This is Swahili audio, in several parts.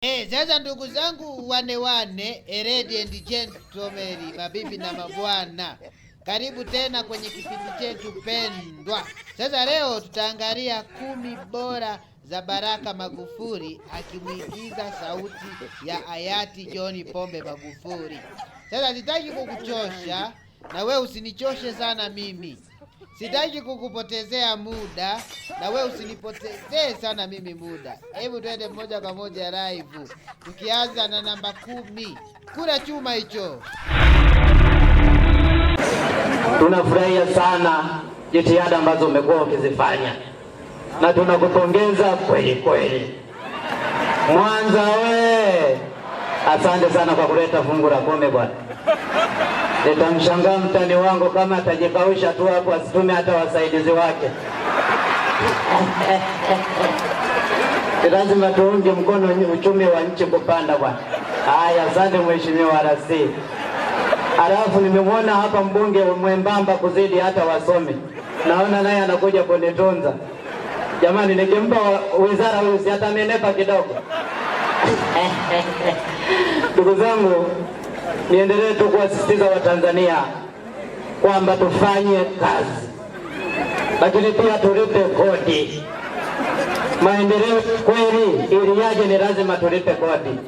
Eh, sasa ndugu zangu wane wane, ladies and gentlemen, mabibi na mabwana, karibu tena kwenye kipindi chetu pendwa. Sasa leo tutaangalia kumi bora za Baraka Magufuli akimwigiza sauti ya hayati John Pombe Magufuli. Sasa sitaki kukuchosha na we usinichoshe sana mimi. Sitaki kukupotezea muda na we usinipotezee sana mimi muda. Hebu twende moja kwa moja live, tukianza na namba kumi. kura chuma hicho. Tunafurahia sana jitihada ambazo umekuwa ukizifanya na tunakupongeza kweli kweli. Mwanza we, asante sana kwa kuleta fungu la kome bwana. Nitamshangaa mtani wangu kama atajikausha tu hapo, asitume hata wasaidizi wake. Lazima tuunge mkono uchumi wa nchi kupanda bwana. Haya, asante mheshimiwa rasi. Alafu nimemwona hapa mbunge mwembamba kuzidi hata wasomi, naona naye anakuja kunitunza. Jamani, nikimpa wizara huyu si atanenepa kidogo? Ndugu zangu niendelee tu kuwasisitiza Watanzania kwamba tufanye kazi, lakini pia tulipe kodi. Maendeleo kweli ili yaje ni lazima tulipe kodi.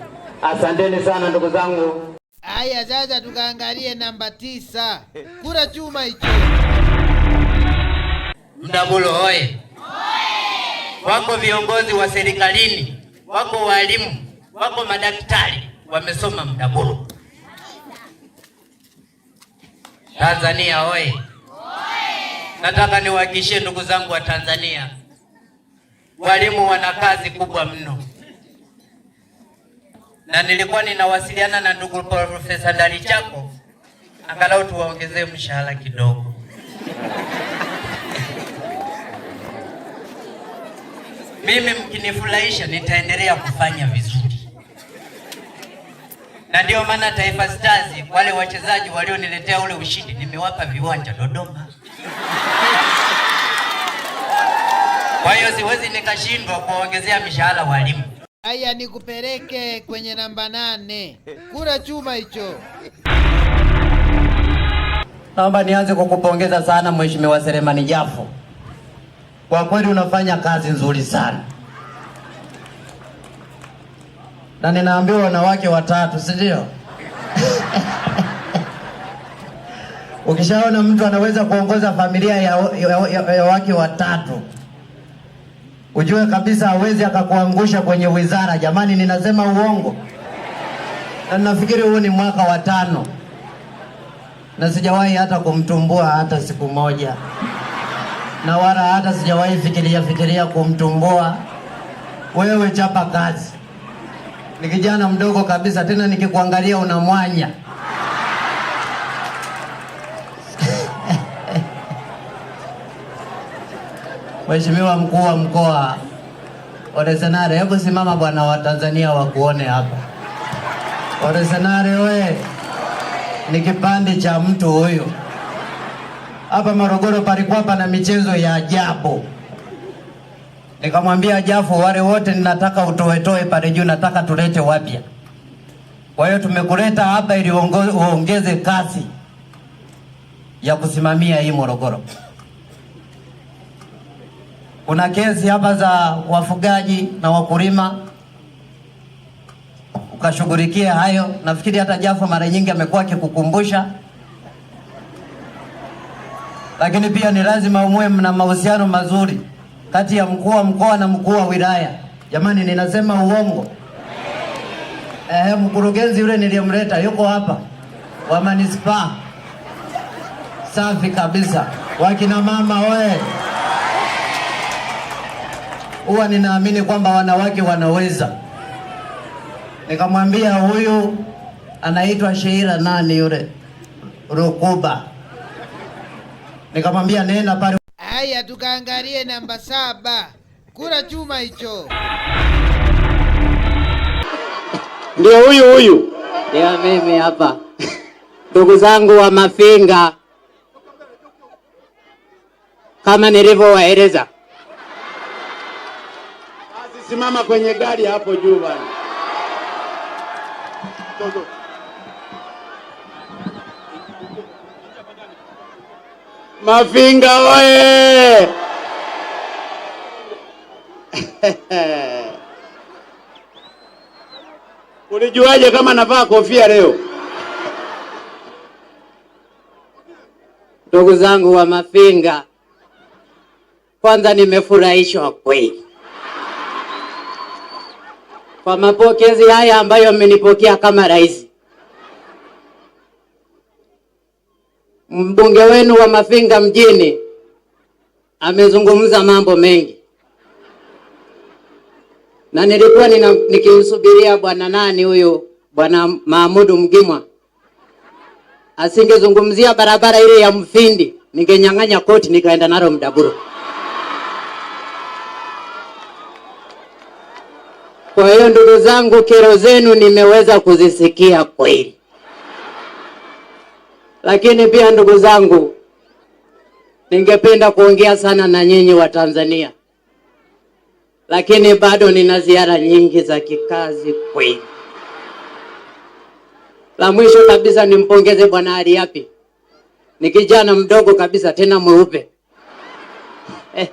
Asanteni sana ndugu zangu. Aya, sasa tukaangalie namba tisa, kura chuma hicho. Mdabulo hoye! Wako viongozi wa serikalini, wako walimu, wako madaktari wamesoma Mdabulo. Tanzania oye! Nataka niwahakikishie ndugu zangu wa Tanzania, walimu wana kazi kubwa mno, na nilikuwa ninawasiliana na ndugu Profesa Ndalichako angalau tuwaongezee mshahara kidogo. Mimi mkinifurahisha, nitaendelea kufanya vizuri na ndio maana Taifa Stars wale wachezaji walioniletea ule ushindi nimewapa viwanja Dodoma. Kwa hiyo siwezi nikashindwa kuwaongezea mishahara walimu. Aya, nikupeleke kwenye namba nane, kura chuma hicho. Naomba nianze kukupongeza sana Mheshimiwa Selemani Jafo, kwa kweli unafanya kazi nzuri sana na ninaambiwa wanawake watatu, si ndio? Ukishaona mtu anaweza kuongoza familia ya, ya, ya, ya wake watatu, ujue kabisa hawezi akakuangusha kwenye wizara. Jamani, ninasema uongo? Na nafikiri huu ni mwaka wa tano na sijawahi hata kumtumbua hata siku moja, na wala hata sijawahi fikiria fikiria kumtumbua. Wewe chapa kazi ni kijana mdogo kabisa, tena nikikuangalia una mwanya Mheshimiwa mkuu wa mkoa Oresenare, hebu simama bwana, Watanzania wakuone hapa. Oresenare we ni kipande cha mtu huyu. Hapa Morogoro palikuwa pana michezo ya ajabu. Nikamwambia Jafo, wale wote ninataka utoetoe pale juu, nataka tulete wapya. Kwa hiyo tumekuleta hapa ili uongeze kasi ya kusimamia hii Morogoro. Kuna kesi hapa za wafugaji na wakulima, ukashughulikia hayo. Nafikiri hata Jafo mara nyingi amekuwa akikukumbusha, lakini pia ni lazima umwe mna mahusiano mazuri kati ya mkuu wa mkoa na mkuu wa wilaya. Jamani, ninasema uongo? Eh, mkurugenzi yule niliyemleta yuko hapa wa manispaa. Safi kabisa, wakina mama we huwa ninaamini kwamba wanawake wanaweza. Nikamwambia huyu anaitwa Sheira nani yule Rukuba, nikamwambia nenda pale Haya, tukaangalie namba saba, kura chuma hicho. Ndio huyu huyu, ndio mimi hapa, ndugu zangu wa Mafinga, kama nilivyowaeleza. Basi simama kwenye gari hapo juu bana. Mafinga oye! Ulijuaje kama navaa kofia leo? Ndugu zangu wa Mafinga, kwanza nimefurahishwa kweli kwa mapokezi haya ambayo mmenipokea kama rais. Mbunge wenu wa Mafinga mjini amezungumza mambo mengi, na nilikuwa nikimsubiria bwana nani huyu, bwana Mahmudu Mgimwa. Asingezungumzia barabara ile ya Mfindi, ningenyang'anya koti nikaenda nalo mdaburu Kwa hiyo ndugu zangu, kero zenu nimeweza kuzisikia kweli. Lakini pia ndugu zangu, ningependa kuongea sana na nyinyi wa Tanzania, lakini bado nina ziara nyingi za kikazi kweli. La mwisho kabisa nimpongeze Bwana Ariapi, ni kijana mdogo kabisa tena mweupe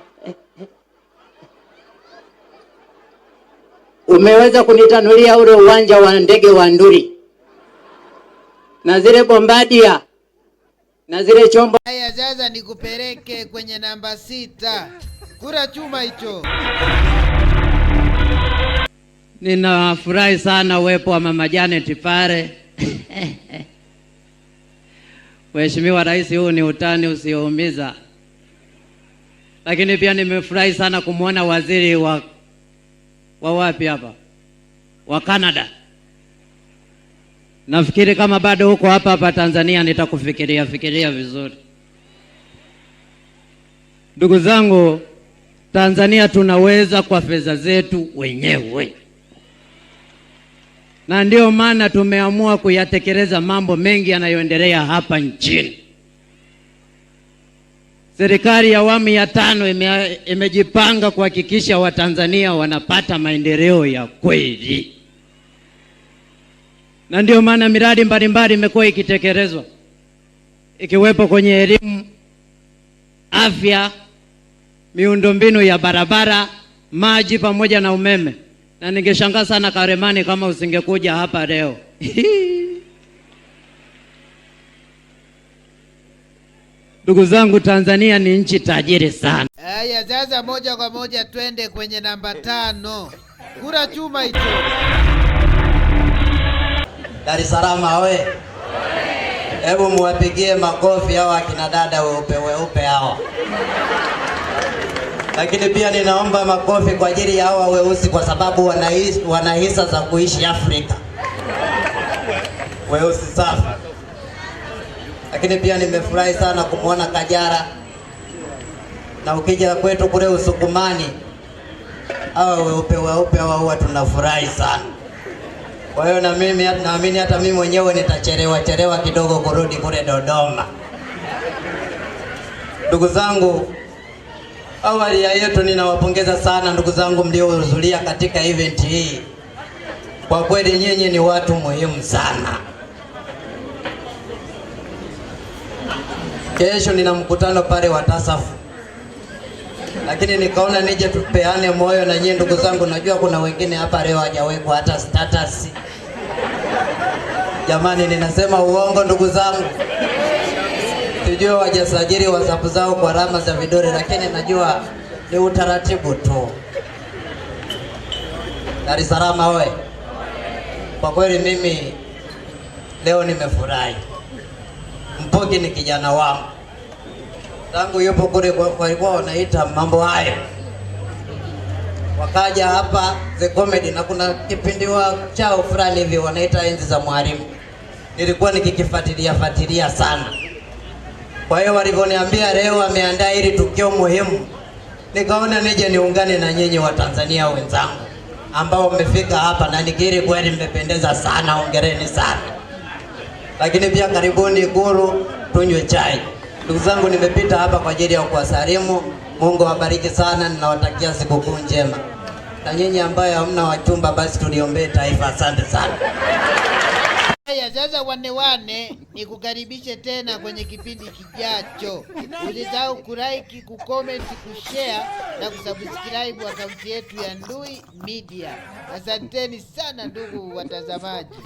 umeweza kunitanulia ule uwanja wa ndege wa Nduri na zile bombadia na zile chombo. Haya, sasa nikupeleke kwenye namba sita, kura chuma hicho. Ninafurahi sana uwepo wa mama Janet pale. Mheshimiwa Rais, huu ni utani usioumiza, lakini pia nimefurahi sana kumwona waziri wa wa wapi hapa wa Canada. Nafikiri kama bado huko hapa hapa Tanzania nitakufikiria fikiria vizuri. Ndugu zangu, Tanzania tunaweza kwa fedha zetu wenyewe, na ndiyo maana tumeamua kuyatekeleza mambo mengi yanayoendelea hapa nchini. Serikali ya awamu ya tano ime, imejipanga kuhakikisha Watanzania wanapata maendeleo ya kweli na ndio maana miradi mbalimbali imekuwa ikitekelezwa ikiwepo kwenye elimu, afya, miundombinu ya barabara, maji pamoja na umeme. Na ningeshangaa sana Karemani kama usingekuja hapa leo Ndugu zangu, Tanzania ni nchi tajiri sana. Haya, sasa moja kwa moja twende kwenye namba tano, kura chuma hicho. Dar es Salaam oye! Hebu muwapigie makofi hao akina dada weupe weupe hao. Lakini pia ninaomba makofi kwa ajili ya hawa weusi, kwa sababu wana wanahisa za kuishi Afrika. Weusi safi. Lakini pia nimefurahi sana kumwona Kajara, na ukija kwetu kule Usukumani, hawa weupe weupe hawa huwa tunafurahi sana. Kwa hiyo na mimi naamini hata mimi mwenyewe nitacherewa cherewa kidogo kurudi kule Dodoma. Ndugu zangu, awali ya yetu, ninawapongeza sana ndugu zangu mliohudhuria katika event hii. Kwa kweli nyinyi ni watu muhimu sana. Kesho nina mkutano pale wa Tasafu, lakini nikaona nije tupeane moyo na nyinyi ndugu zangu. Najua kuna wengine hapa leo hajawekwa hata status Jamani, ninasema uongo ndugu zangu? Sijui wajasajili WhatsApp zao kwa alama za vidole, lakini najua ni utaratibu tu. Dar es Salaam oye! Kwa kweli mimi leo nimefurahi. Mpoki ni kijana wangu tangu yupo kule, walikuwa wanaita mambo hayo wakaja hapa The Comedy, na kuna kipindi wa chao fulani hivi wanaita enzi za mwalimu, nilikuwa nikikifuatilia fuatilia sana. Kwa hiyo walivyoniambia leo wameandaa hili tukio muhimu, nikaona nije niungane na nyinyi wa Tanzania wenzangu ambao mmefika hapa, na nikiri kweli mmependeza sana, ongereni sana. Lakini pia karibuni Ikulu tunywe chai. Ndugu zangu, nimepita hapa kwa ajili ya kuwasalimu. Mungu awabariki sana, ninawatakia sikukuu njema na nyinyi ambayo hamna wachumba, basi tuliombee taifa. Asante sana. Haya sasa, wane wane, nikukaribishe tena kwenye kipindi kijacho. Usisahau kulike, kucomment, kushare na kusubscribe akaunti yetu ya Ndui Media. Asanteni sana ndugu watazamaji.